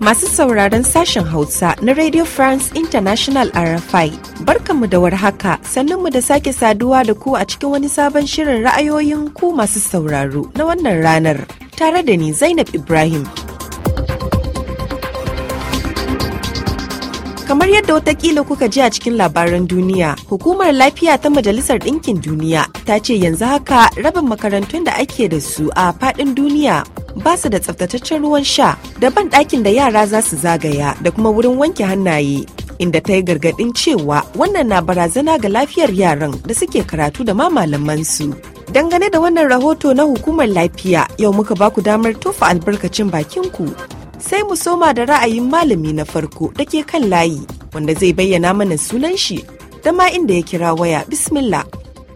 Masu sauraron sashen Hausa na Radio France International RFI, barkanmu da warhaka sannunmu da sake saduwa da ku a cikin wani sabon shirin ra'ayoyin ku masu sauraro na wannan ranar tare da ni Zainab Ibrahim. Kamar yadda wata watakila kuka ji a cikin labaran duniya, hukumar lafiya ta Majalisar Ɗinkin Duniya ta ce yanzu haka rabin makarantun da ake da su a faɗin duniya ba su da tsaftataccen ruwan sha da ban ɗakin da yara za su zagaya da kuma wurin wanke hannaye. Inda ta yi gargaɗin cewa wannan na barazana ga lafiyar yaran da suke karatu da ma malamansu. Dangane da wannan rahoto na hukumar lafiya, yau muka baku damar tofa albarkacin bakinku sai mu soma da ra'ayin malami na farko da ke kan layi wanda zai bayyana mana sunan shi da ma inda ya kira waya bismillah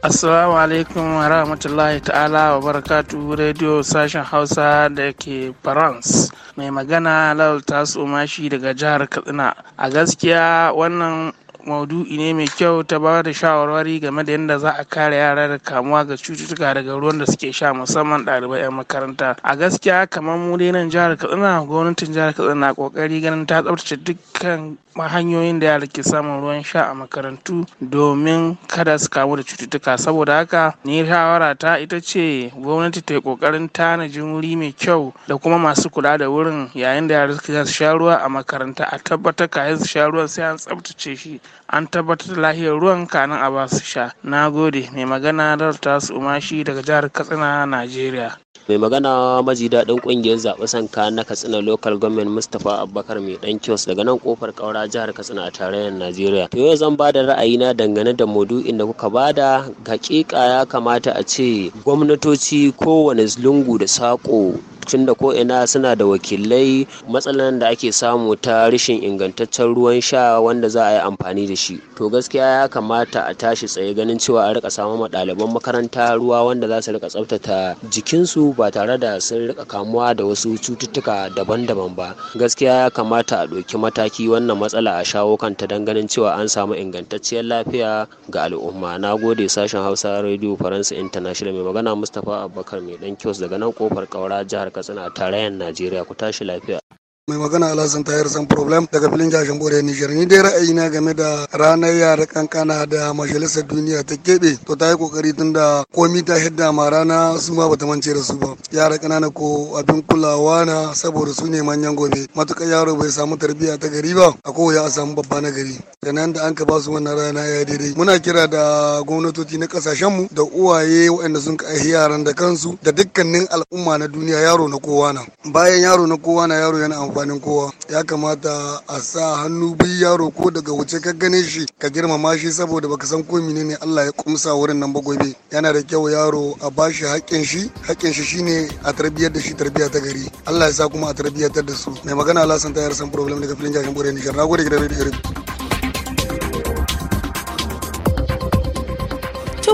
Assalamu alaikum wa rahmatullahi ta'ala wa barakatu Radio sashen Hausa da ke France. Mai magana Lawal taso Mashi daga jihar Katsina. A gaskiya wannan maudu'i ne mai kyau ta ba da shawarwari game da yadda za a kare yara da kamuwa ga cututtuka daga ruwan da suke sha musamman ɗalibai 'yan makaranta a gaskiya kamar mu dai nan jihar katsina gwamnatin jihar katsina na kokari ganin ta tsabtace dukkan hanyoyin da yara ke samun ruwan sha a makarantu domin kada su kamu da cututtuka saboda haka ni shawara ta ita ce gwamnati ta yi kokarin tanajin wuri mai kyau da kuma masu kula da wurin yayin da yara suka sha ruwa a makaranta a tabbatar kayan su sha ruwan sai an tsabtace shi an tabbatar da lahiyar ruwan kanin a ba su sha na gode mai magana da tasu umashi daga jihar katsina najeriya mai magana maji daɗin ƙungiyar zaɓe sanka na katsina local government mustapha abubakar mai ɗan kios daga nan ƙofar ƙaura jihar Katsina a tarayyar Najeriya. To yau zan ba da ra'ayina dangane da maudu'in da kuka bada hakika ya kamata a ce gwamnatoci kowane lungu da saƙo da ko ina suna da wakilai matsalan da ake samu ta rashin ingantaccen ruwan sha wanda za a yi amfani da shi to gaskiya ya kamata a tashi tsaye ganin cewa a rika samun ma ɗaliban makaranta ruwa wanda za su rika tsaftata jikinsu ba tare da sun rika kamuwa da wasu cututtuka daban-daban ba gaskiya ya kamata a ɗauki mataki wannan matsala a shawo kanta don ganin cewa an samu ingantacciyar lafiya ga al'umma na gode sashen hausa rediyo faransa international mai magana mustapha abubakar mai dan kyos daga nan kofar kaura jihar Katsina a tarayyar Najeriya. Ku tashi lafiya. mai magana alhassan tayar san problem daga filin jashin bore nijar ni dai na game da ranar yara kankana da majalisar duniya ta keɓe to ta yi kokari tun da komi ta hidda ma rana su ma bata mance da su ba yara kanana ko abin kulawa na saboda su ne manyan gobe matuƙar yaro bai samu tarbiyya ta gari ba a kowa a samu babba na gari sannan da an ka ba su wannan rana ya daidai muna kira da gwamnatoci na kasashenmu da uwaye waɗanda sun ka yaran da kansu da dukkanin al'umma na duniya yaro na kowa na bayan yaro na kowa na yaro yana amfanin kowa ya kamata a sa hannu bi yaro ko daga wuce ka gane shi ka girmama shi saboda baka san ko menene Allah ya kumsa wurin nan ba gobe yana da kyau yaro a bashi haƙƙin shi haƙƙin shi shine a tarbiyyar da shi tarbiyya ta gari Allah ya sa kuma a tarbiyyar da su mai magana Allah san tayar san problem daga filin jashin bore Niger nagode gidan radio Irib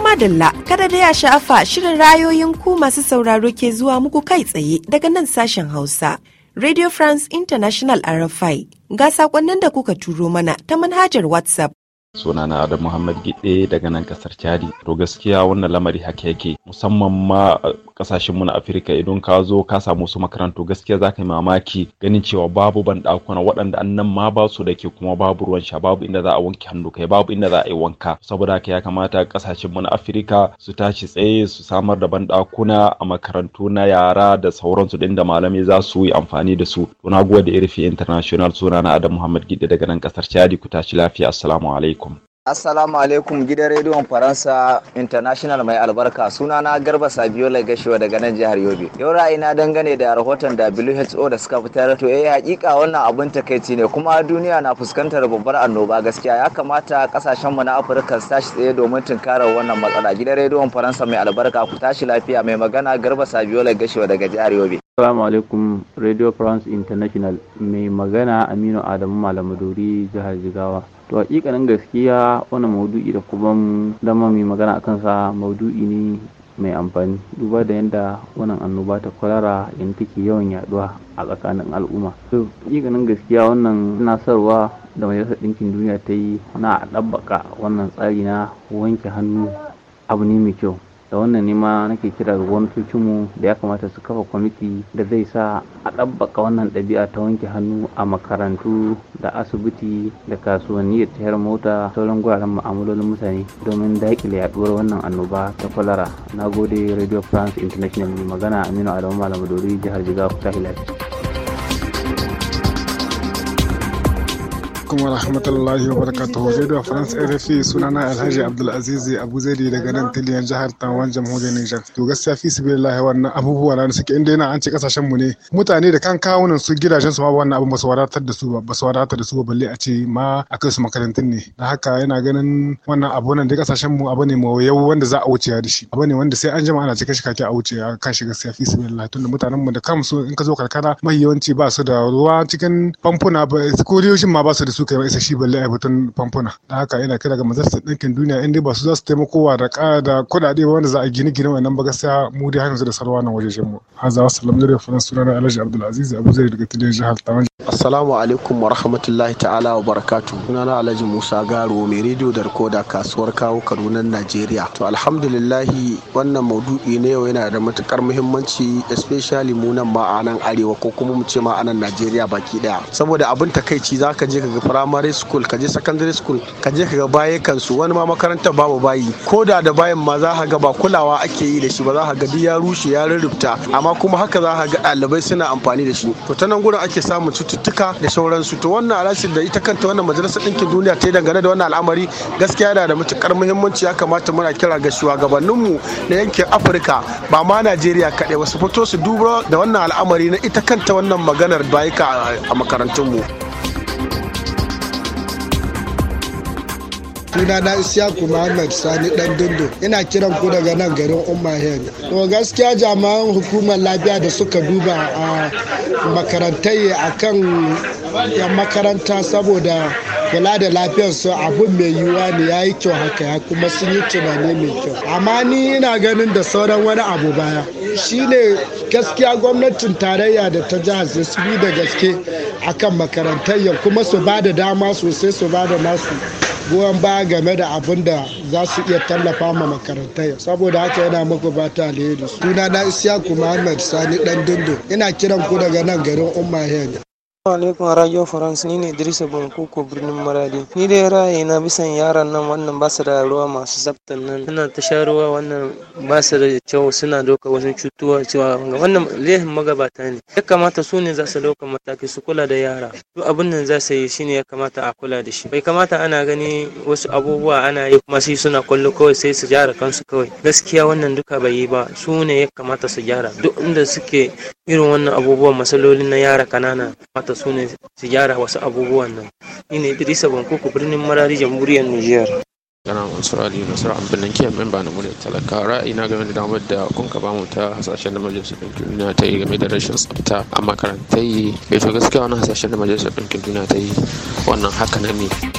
madalla kada da ya sha'afa shirin rayoyin ku masu sauraro ke zuwa muku kai tsaye daga nan sashen hausa Radio France International RFI ga sakonnin da kuka turo mana ta manhajar WhatsApp sunana da muhammad gide daga nan kasar chadi to gaskiya wannan lamari haka yake musamman ma eh, kasashen mu na afirka idan ka zo ka samu su makarantu gaskiya za ka yi mamaki ganin cewa babu ban dakuna waɗanda nan ma ba su da ke kuma babu ruwan sha babu inda za a wanke hannu kai babu inda za a yi wanka saboda haka ya kamata kasashen mu na afirka su tashi tsaye su samar da ban dakuna a makarantu na yara da sauransu din da malamai za su yi amfani da su to na gode irfi international sunana adam muhammad gide daga nan kasar chadi ku tashi lafiya assalamu alaikum Assalamu alaikum gidan rediyon Faransa International mai albarka sunana Garba Sabiyo Lagashiwa daga nan jihar Yobe. Yau ra'ayina dangane da rahoton WHO da suka fitar to eh hakika wannan abun takaici ne kuma duniya na fuskantar babbar annoba gaskiya ya kamata kasashen mu na Afirka su tashi tsaye domin tunkarar wannan matsala. Gidan rediyon Faransa mai albarka ku tashi lafiya mai magana Garba Sabiyo Lagashiwa daga jihar Yobe. Assalamu alaikum Radio France International mai magana Aminu Adamu dori jihar Jigawa. To hakikanin gaskiya wani maudu'i da kuma dama mai magana a kansa maudu'i ne mai amfani duba da yadda wannan annoba ta kwalara yadda take yawan yaduwa a tsakanin al'umma. To hakikanin gaskiya wannan nasarwa da majalisar ɗinkin duniya ta yi na ɗabbaka wannan tsari na wanke hannu abu ne mai kyau. da wannan nema nake kira ga gwamnatocinmu da ya kamata su kafa kwamiti da zai sa a ɗabbaka wannan ɗabi'a ta wanke hannu a makarantu da asibiti da kasuwanni da tayar mota sauran guraren mu'amalolin mutane domin daƙile yaɗuwar wannan annoba ta kwalara na gode radio france international magana aminu adamu malamadori jihar jigawa ta hilafi. alaikum wa rahmatullahi wa barakatuhu radio france rfi sunana alhaji abdulaziz abu zaidi daga nan tiliyan jihar tawan jamhuriyar niger to gaskiya fi su billahi wannan abubuwa na suke inda yana an ce kasashen mu ne mutane da kan kawunan su gidajen su ma wannan abu ba wadatar da su ba ba wadatar da su ba balle a ce ma a kai su makarantun ne da haka yana ganin wannan abu nan da kasashen mu abu ne mai yau wanda za a wuce da shi abu ne wanda sai an jama'a ana cika shi kake a wuce kan shi gaskiya fi su billahi tunda mutanen mu da kansu in ka zo karkara mai yawanci ba su da ruwa cikin famfuna ba ko ma ba su da su su kai mai isa shi balle a batun famfuna da haka yana kira ga majalisar ɗinkin duniya in dai ba su za su taimako da da kuɗaɗe wanda za a gine gine wannan ba gaskiya mu dai hanyar da sarwa nan wajen mu hazawa wasallam da faran sunan alhaji abdulaziz abu zai daga tilin jihar tawan assalamu alaikum wa rahmatullahi ta'ala wa barakatu sunana alhaji musa garo mai rediyo da rikoda kasuwar kawo kaduna najeriya to alhamdulillahi wannan maudu'i na yau yana da matukar muhimmanci especially mu nan ma a nan arewa ko kuma mu ce ma a nan najeriya baki daya saboda abin takaici zaka je ka ga primary school ka je secondary school ka je ka ga kansu wani ma makarantar babu bayi ko da da bayan ma za ka ga ba kulawa ake yi da shi ba za ka ga duk ya rushe ya rurrufta amma kuma haka za ka ga ɗalibai suna amfani da shi to ta nan gurin ake samun cututtuka da sauransu to wannan alashin da ita kanta wannan majalisar ɗinkin duniya ta yi dangane da wannan al'amari gaskiya yana da matukar muhimmanci ya kamata muna kira ga shugabanninmu na yankin afirka ba ma najeriya kaɗai su fito su duba da wannan al'amari na ita kanta wannan maganar bayika a makarantunmu. suna na Isiyaku Muhammad Sani dan dindo. Ina kiran ku daga nan garin Umma Hen. To gaskiya jami'an hukumar lafiya da suka duba a makarantai akan yan makaranta saboda kula da lafiyar lafiyarsu abun mai yiwuwa ne ya yi kyau haka ya kuma sun yi tunani mai kyau amma ni ina ganin da sauran wani abu baya shine gaskiya gwamnatin tarayya da ta jihar su bi da gaske akan makarantar kuma su ba da dama sosai su ba da nasu goyon baya game da abin da za su iya tallafa ma makarantai saboda haka yana muku bata alheri suna na isiyaku muhammad sani dan dindo ina kiran ku daga nan garin umma alaikum radio france ni ne idrisa bankuko birnin maradi ni dai ra'ayi na bisan yaran nan wannan ba su da ruwa masu tsaftan nan suna ta sha ruwa wannan ba su da kyau suna doka wasu cutuwa cewa wannan lehin magabata ne ya kamata su ne za su dauka mataki su kula da yara duk abin nan za su yi shine ya kamata a kula da shi bai kamata ana gani wasu abubuwa ana yi kuma sai suna kwallo kawai sai su gyara kansu kawai gaskiya wannan duka bai yi ba su ne ya kamata su gyara duk inda suke irin wannan abubuwan matsalolin na yara kanana mata su ne su gyara wasu abubuwan nan ni ne idrisa bankoku birnin marari jamhuriyar niger Yana Mansur Ali Nasar Abdullahi Kiyar memba na muryar Talaka ra'ayina game da damar da kun ka bamu ta hasashen da Majalisar Ɗinkin Duniya ta yi game da rashin tsafta a makarantai. Bai eh, to gaskiya wani hasashen da Majalisar Ɗinkin Duniya ta yi wannan haka na ne.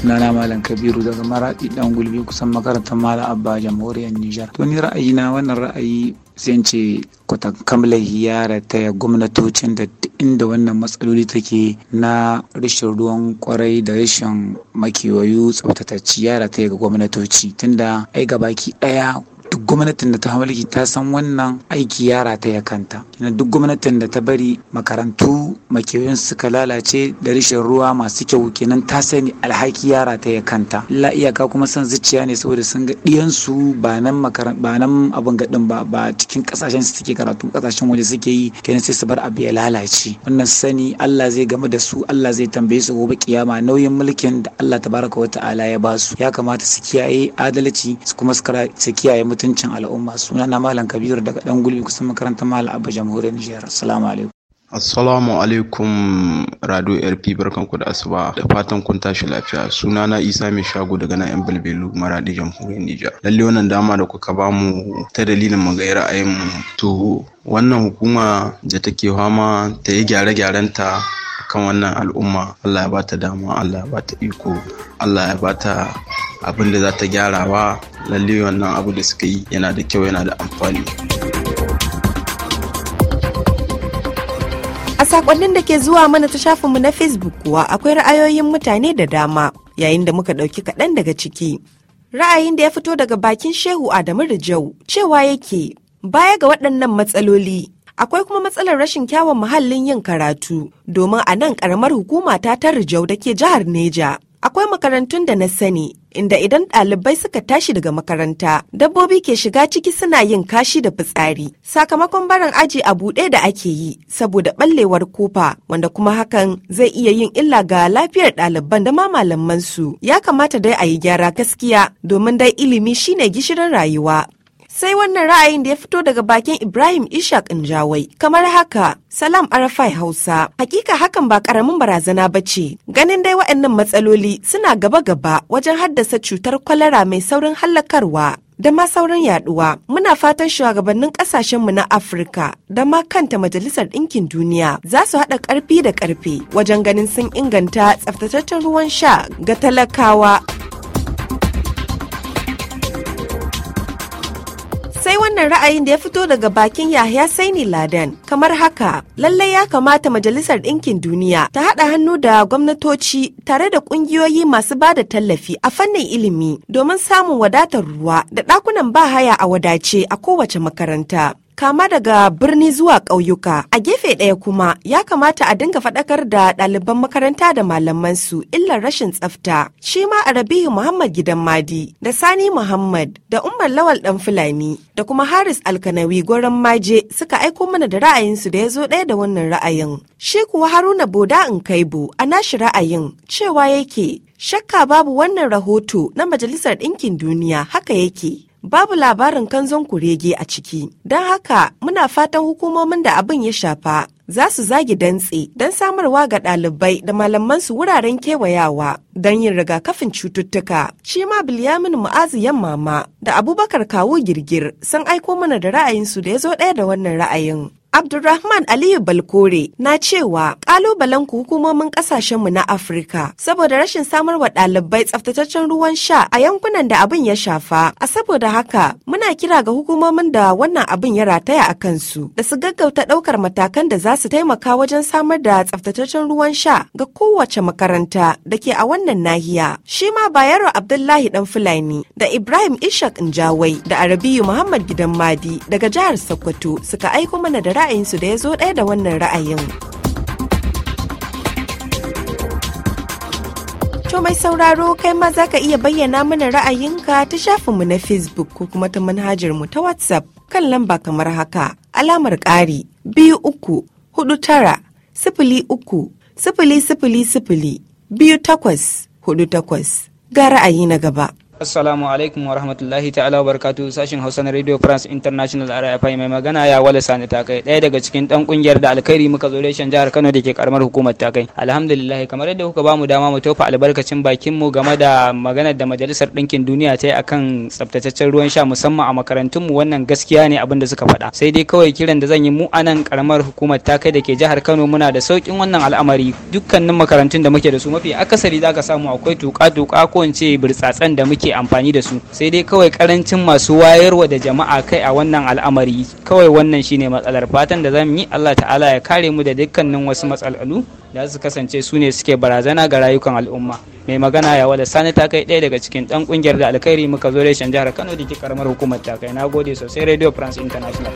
sunana malam kabiru daga maradi dan gulbi kusan makarantar malam abba jamhuriyar nijar to ni na wannan ra'ayi zan ce kwatankan ya rataya gwamnatocin da inda wannan matsaloli take na rashin ruwan kwarai da rashin makiwayu tsaftatacci ya rataya ga gwamnatoci tunda ai gabaki daya duk gwamnatin da ta mulki ta san wannan aiki yara ta ya kanta kina duk gwamnatin da ta bari makarantu makewin suka lalace da rishin ruwa masu kyau kenan ta sani alhaki yara ta ya kanta la iyaka kuma san zuciya ne saboda sun ga diyansu ba nan ba nan gadin ba ba cikin kasashen su suke karatu kasashen waje suke yi kenan sai su bar abu ya lalace wannan sani Allah zai game da su Allah zai tambaye su gobe kiyama nauyin mulkin da Allah tabaraka wa ta'ala ya ba su ya kamata su kiyaye adalci su kuma su kiyaye mutuncin al'umma suna na malam kabiru daga dan gulbi kusan makarantar malam abba jamhuriyar nijar assalamu alaikum Assalamu alaikum Radio RP barkanku da asuba da fatan kun tashi lafiya suna na Isa mai shago daga nan yan Balbelu Maradi Jamhuriyar Nijar lalle wannan dama da kuka bamu ta dalilin mu ga ra'ayin mu to wannan hukuma da take fama ta yi gyare-gyaren ta kan wannan al'umma Allah ya ba ta dama Allah ya ba ta iko Allah ya ba ta abin da za ta gyarawa lalle wannan abu da suka yi yana da kyau yana da amfani. A sakonnin da ke zuwa mana ta shafinmu na Facebook kuwa akwai ra'ayoyin mutane da dama yayin da muka ɗauki kaɗan daga ciki. Ra'ayin da ya fito daga bakin Shehu Adamu Rijau cewa yake baya ga waɗannan matsaloli Akwai kuma matsalar rashin kyawun muhallin yin karatu domin a nan karamar hukuma ta ta Rijau da ke jihar Neja. Akwai makarantun da na sani inda idan ɗalibai suka tashi daga makaranta dabbobi ke shiga ciki suna yin kashi da fitsari sakamakon barin aji a buɗe da ake yi saboda ɓallewar kofa wanda kuma hakan zai iya yin illa ga lafiyar ɗaliban da ma malaman ya kamata dai a yi gyara gaskiya domin dai ilimi shine gishirin rayuwa Sai wannan ra'ayin da ya fito daga bakin Ibrahim Ishaq Injawai kamar haka Salam Arafai Hausa. Hakika hakan ba karamin barazana ba ce. Ganin dai waɗannan matsaloli suna gaba-gaba wajen haddasa cutar kwalara mai saurin hallakarwa. da ma sauran yaduwa muna fatan shugabannin kasashenmu na afirka da ma kanta majalisar ɗinkin duniya za su haɗa ƙarfi da ƙarfe wajen ganin sun inganta tsaftataccen ruwan sha ga talakawa wannan ra'ayin da ya fito daga bakin Yahya Saini Laden kamar haka lalle ya kamata Majalisar Ɗinkin Duniya ta haɗa hannu da gwamnatoci tare da ƙungiyoyi masu ba da tallafi a fannin ilimi domin samun wadatar ruwa da ɗakunan ba haya a wadace a kowace makaranta. kama daga birni zuwa ƙauyuka. A gefe ɗaya kuma ya kamata a dinga faɗakar da ɗaliban makaranta da malamansu illar rashin tsafta. Shi ma a Rabihu Muhammad Gidan Madi da Sani Muhammad da Umar Lawal ɗan Fulani da kuma Haris Alkanawi goron Maje suka aiko mana da ra'ayinsu da ya zo ɗaya da wannan ra'ayin. Shi kuwa Haruna Boda in bu a nashi ra'ayin cewa yake shakka babu wannan rahoto na Majalisar Ɗinkin Duniya haka yake. babu labarin kanzon kurege a ciki don haka muna fatan hukumomin da abin ya shafa za su zagi dantse don samarwa ga ɗalibai da malamansu wuraren kewayawa don yin rigakafin cututtuka Cima ma bilyamin mu'azu Yamma da abubakar kawo girgir sun aiko mana da ra'ayinsu da ya zo ɗaya da wannan ra'ayin Abdulrahman Aliyu Balkore na cewa kalubalen ku hukumomin kasashenmu na Afirka saboda rashin samar wa ɗalibai tsaftataccen ruwan sha a yankunan da abin ya shafa. A saboda haka muna kira ga hukumomin da wannan abin ya rataya a kansu da su gaggauta ɗaukar matakan da za su taimaka wajen samar da tsaftataccen ruwan sha ga kowace makaranta da ke a wannan nahiya. Shi ma Bayero Abdullahi Dan Fulani da Ibrahim Ishak Njawai da Arabiyu Muhammad Gidan Madi daga jihar Sokoto suka aiko mana da ra'ayinsu da ya zo ɗaya da wannan ra'ayin. To mai sauraro kai ma za ka iya bayyana mana ra'ayinka ta shafinmu na Facebook ko kuma ta manhajar mu ta WhatsApp kan lamba kamar haka alamar ƙari biyu uku hudu tara sifili uku sifili sifili sifili biyu takwas hudu takwas ga ra'ayi na gaba. Assalamu alaikum wa rahmatullahi ta'ala wa barakatu sashin Hausa na Radio France International RFI mai magana ya wala sani takai ɗaya daga cikin ɗan ƙungiyar da alkhairi muka zo reshen jihar Kano da ke karamar hukumar takai. Alhamdulillah kamar yadda kuka bamu dama mu tofa albarkacin bakin mu game da maganar da Majalisar Ɗinkin Duniya ta yi akan tsaftataccen ruwan sha musamman a makarantun mu wannan gaskiya ne abin da suka faɗa. Sai dai kawai kiran da zan yi mu anan karamar hukumar takai da ke jihar Kano muna da saukin wannan al'amari dukkanin makarantun da muke da su mafi akasari zaka samu akwai tuka-tuka ko in ce burtsatsen da muke amfani da su sai dai kawai karancin masu wayarwa da jama'a kai a wannan al'amari kawai wannan shine matsalar fatan da zamu yi Allah ta'ala ya kare mu da dukkanin wasu matsalalu da su kasance su ne suke barazana ga rayukan al'umma mai magana ya wada sani ta kai ɗaya daga cikin ɗan ƙungiyar da alkhairi muka zo reshen jihar kano da ke karamar hukumar ta kai na gode sosai radio france international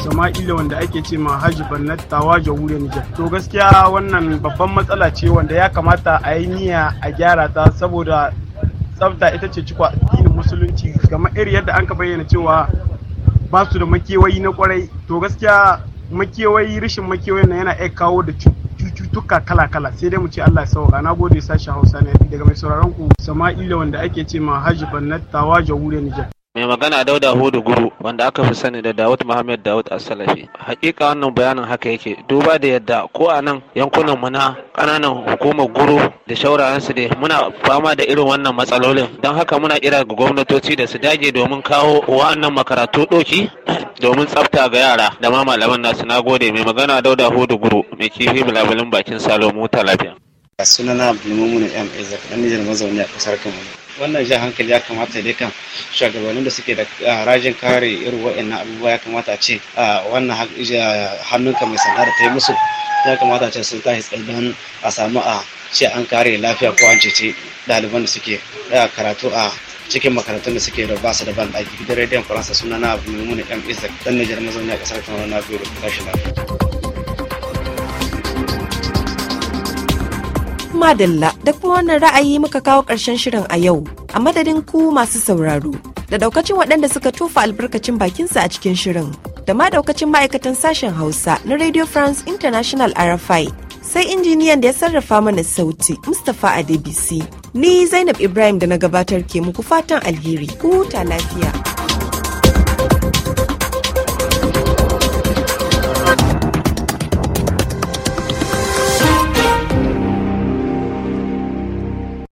sama'ila wanda ake ce ma haji bannat tawa jamhuriyar nijar to gaskiya wannan babban matsala ce wanda ya kamata a yi niyya a gyara ta saboda tsafta ita ce cikwa addinin musulunci Gama iri yadda an ka bayyana cewa ba su da makewayi na kwarai to gaskiya makewayi rashin makewayi na yana iya kawo da cututtuka kala-kala sai dai mu ce Allah ya sauka na gode sashi hausa ne daga mai sauraron ku sama'ila wanda ake ce ma Haji bannat tawa jamhuriyar nijar mai magana dauda hudu guru wanda aka fi sani da dawud muhammad dawud a asalafi hakika wannan bayanin haka yake duba da yadda ko a nan yankunan mu na kananan hukumar guru da shaurayensu ne, muna fama da irin wannan matsalolin don haka muna kira ga gwamnatoci da su dage domin kawo wa'annan makarantu doki domin tsafta ga yara da ma malaman nasu na gode mai magana dauda hudu guru mai kifi bulabulin bakin salomu ta lafiya sunana abdulmumun m a dan nijar mazauni a kasar kamaru wannan jan hankali ya kamata dai kan shugabannin da suke da ah, rajin kare irin wa'annan abubuwa ya kamata a ce ah, wannan hannunka mai sanda da ta yi musu ya kamata a ce sun tashi tsaye a samu a ah, ce an kare lafiya ko an cece ɗaliban da suke karatu a cikin makarantun da suke da ba su da ban ɗaki gidan rediyon faransa suna na abu mai muni ɗan dan ɗan nijar mazauna ƙasar kamar na biyu da kashin lafiya. madalla da kuma wannan ra'ayi muka kawo ƙarshen shirin a yau a madadin ku masu sauraro da daukacin waɗanda suka tofa albarkacin bakinsa a cikin shirin da ma daukacin ma'aikatan sashen hausa na radio france international rfi sai injiniyan da ya sarrafa mana sauti mustapha adebisi ni zainab ibrahim da na gabatar ke muku fatan alheri ku huta lafiya.